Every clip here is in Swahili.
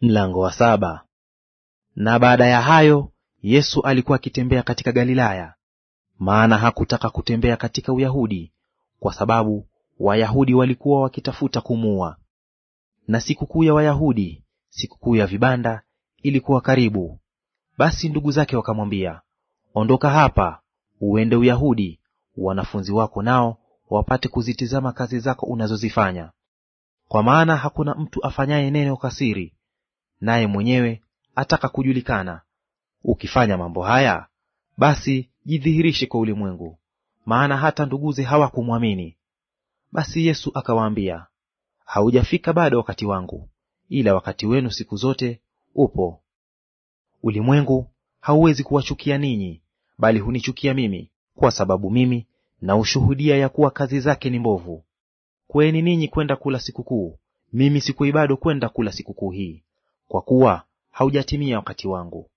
Mlango wa saba. Na baada ya hayo Yesu alikuwa akitembea katika Galilaya, maana hakutaka kutembea katika Uyahudi, kwa sababu Wayahudi walikuwa wakitafuta kumuua. Na sikukuu ya Wayahudi, sikukuu ya vibanda, ilikuwa karibu. Basi ndugu zake wakamwambia, ondoka hapa uende Uyahudi, wanafunzi wako nao wapate kuzitizama kazi zako unazozifanya, kwa maana hakuna mtu afanyaye neno kasiri naye mwenyewe ataka kujulikana. Ukifanya mambo haya, basi jidhihirishe kwa ulimwengu, maana hata nduguze hawakumwamini. Basi Yesu akawaambia, haujafika bado wakati wangu, ila wakati wenu siku zote upo. Ulimwengu hauwezi kuwachukia ninyi, bali hunichukia mimi, kwa sababu mimi naushuhudia ya kuwa kazi zake ni mbovu. Kweni ninyi kwenda kula sikukuu, mimi sikuwi bado kwenda kula sikukuu hii kwa kuwa haujatimia wakati wangu.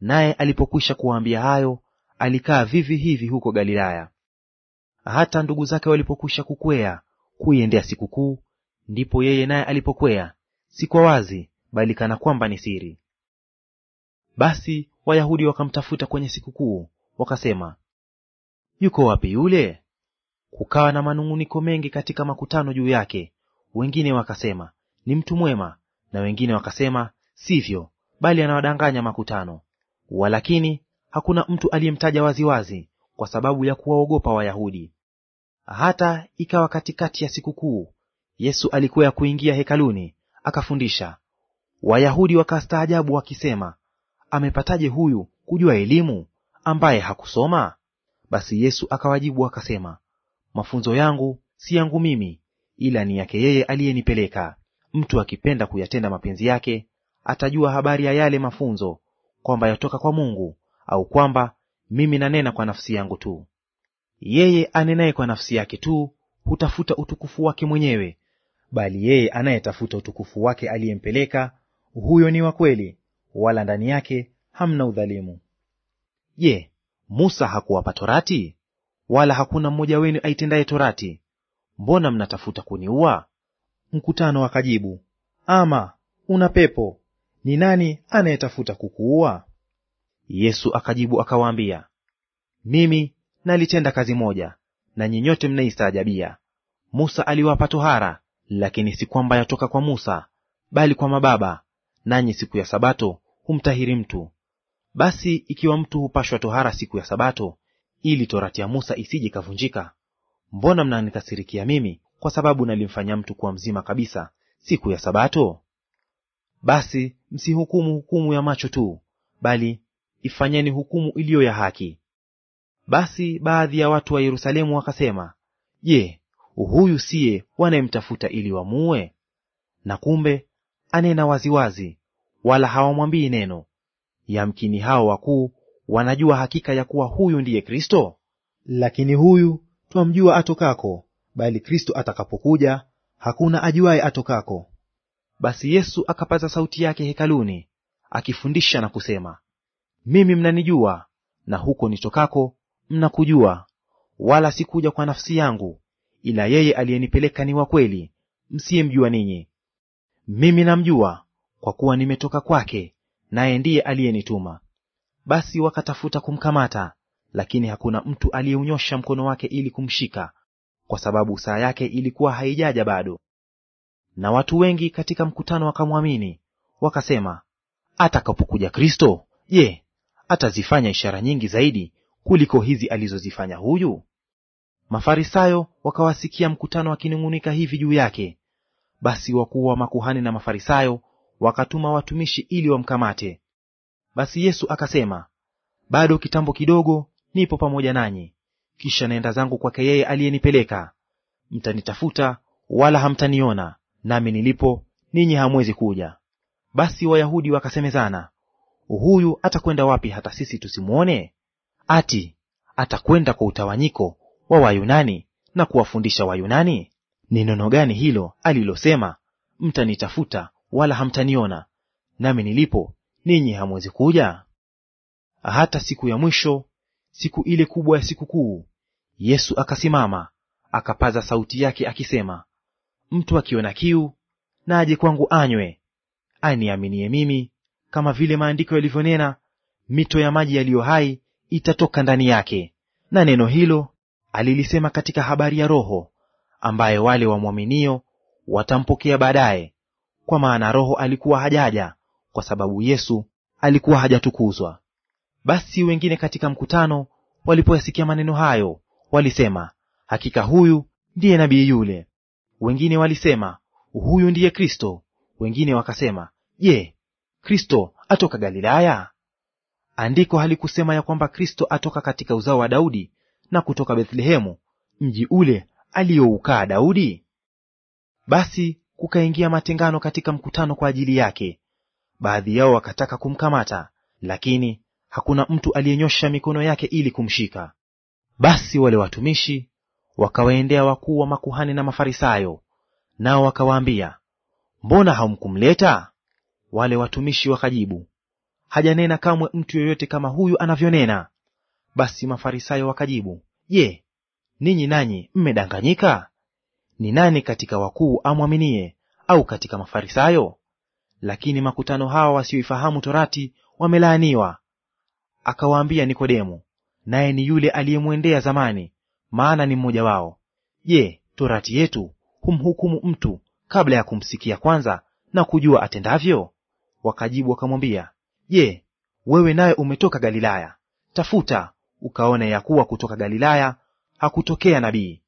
Naye alipokwisha kuwaambia hayo, alikaa vivi hivi huko Galilaya. Hata ndugu zake walipokwisha kukwea kuiendea sikukuu, ndipo yeye naye alipokwea, si kwa wazi, bali kana kwamba ni siri. Basi Wayahudi wakamtafuta kwenye sikukuu, wakasema, yuko wapi yule? Kukawa na manung'uniko mengi katika makutano juu yake. Wengine wakasema, ni mtu mwema, na wengine wakasema, sivyo, bali anawadanganya makutano. Walakini hakuna mtu aliyemtaja waziwazi kwa sababu ya kuwaogopa Wayahudi. Hata ikawa katikati ya sikukuu, Yesu alikuwa ya kuingia hekaluni akafundisha. Wayahudi wakastaajabu wakisema, amepataje huyu kujua elimu ambaye hakusoma? Basi Yesu akawajibu akasema, mafunzo yangu si yangu mimi, ila ni yake yeye aliyenipeleka. Mtu akipenda kuyatenda mapenzi yake atajua habari ya yale mafunzo, kwamba yatoka kwa Mungu au kwamba mimi nanena kwa nafsi yangu tu. Yeye anenaye kwa nafsi yake tu hutafuta utukufu wake mwenyewe, bali yeye anayetafuta utukufu wake aliyempeleka, huyo ni wa kweli, wala ndani yake hamna udhalimu. Je, Musa hakuwapa torati? Wala hakuna mmoja wenu aitendaye torati. Mbona mnatafuta kuniua? Mkutano akajibu ama una pepo, ni nani anayetafuta kukuua? Yesu akajibu akawaambia, mimi nalitenda kazi moja, na nyinyote mnaistaajabia. Musa aliwapa tohara, lakini si kwamba yatoka kwa Musa, bali kwa mababa; nanyi siku ya Sabato humtahiri mtu. Basi ikiwa mtu hupashwa tohara siku ya Sabato, ili torati ya Musa isije ikavunjika, mbona mnanikasirikia mimi kwa sababu nalimfanya mtu kuwa mzima kabisa siku ya Sabato? Basi msihukumu hukumu ya macho tu, bali ifanyeni hukumu iliyo ya haki. Basi baadhi ya watu wa Yerusalemu wakasema, Je, huyu siye wanayemtafuta ili wamuue? Na kumbe anena waziwazi, wala hawamwambii neno. Yamkini hao wakuu wanajua hakika ya kuwa huyu ndiye Kristo. Lakini huyu twamjua atokako, bali Kristo atakapokuja hakuna ajuaye atokako. Basi Yesu akapaza sauti yake hekaluni akifundisha na kusema, mimi mnanijua, na huko nitokako mnakujua, wala sikuja kwa nafsi yangu, ila yeye aliyenipeleka ni wa kweli, msiyemjua ninyi. Mimi namjua, kwa kuwa nimetoka kwake, naye ndiye aliyenituma. Basi wakatafuta kumkamata, lakini hakuna mtu aliyeunyosha mkono wake ili kumshika, kwa sababu saa yake ilikuwa haijaja bado. Na watu wengi katika mkutano wakamwamini, wakasema, atakapokuja Kristo, je, atazifanya ishara nyingi zaidi kuliko hizi alizozifanya huyu? Mafarisayo wakawasikia mkutano wakinung'unika hivi juu yake. Basi wakuu wa makuhani na Mafarisayo wakatuma watumishi ili wamkamate. Basi Yesu akasema, bado kitambo kidogo nipo pamoja nanyi, kisha naenda zangu kwake yeye aliyenipeleka. Mtanitafuta wala hamtaniona, nami nilipo ninyi hamwezi kuja. Basi Wayahudi wakasemezana, huyu atakwenda wapi hata sisi tusimwone? Ati atakwenda kwa utawanyiko wa Wayunani na kuwafundisha Wayunani? Ni neno gani hilo alilosema, mtanitafuta wala hamtaniona, nami nilipo ninyi hamwezi kuja? Hata siku ya mwisho siku ile kubwa ya sikukuu, Yesu akasimama akapaza sauti yake akisema, mtu akiona kiu na aje kwangu anywe. Aniaminie mimi, kama vile maandiko yalivyonena, mito ya maji yaliyo hai itatoka ndani yake. Na neno hilo alilisema katika habari ya Roho, ambaye wale wamwaminio watampokea baadaye, kwa maana Roho alikuwa hajaja kwa sababu Yesu alikuwa hajatukuzwa. Basi wengine katika mkutano walipoyasikia maneno hayo, walisema, hakika huyu ndiye nabii yule. Wengine walisema, huyu ndiye Kristo. Wengine wakasema, je, Kristo atoka Galilaya? Andiko halikusema ya kwamba Kristo atoka katika uzao wa Daudi na kutoka Bethlehemu, mji ule aliyoukaa Daudi? Basi kukaingia matengano katika mkutano kwa ajili yake. Baadhi yao wakataka kumkamata, lakini hakuna mtu aliyenyosha mikono yake ili kumshika. Basi wale watumishi wakawaendea wakuu wa makuhani na Mafarisayo, nao wakawaambia, mbona hamkumleta? Wale watumishi wakajibu, hajanena kamwe mtu yeyote kama huyu anavyonena. Basi Mafarisayo wakajibu, je, ninyi nanyi mmedanganyika? Ni nani katika wakuu amwaminie, au katika Mafarisayo? Lakini makutano hawa wasioifahamu torati wamelaaniwa akawaambia Nikodemo, naye ni yule aliyemwendea zamani, maana ni mmoja wao, je, torati yetu humhukumu mtu kabla ya kumsikia kwanza na kujua atendavyo? Wakajibu wakamwambia, je, wewe naye umetoka Galilaya? Tafuta ukaone ya kuwa kutoka Galilaya hakutokea nabii.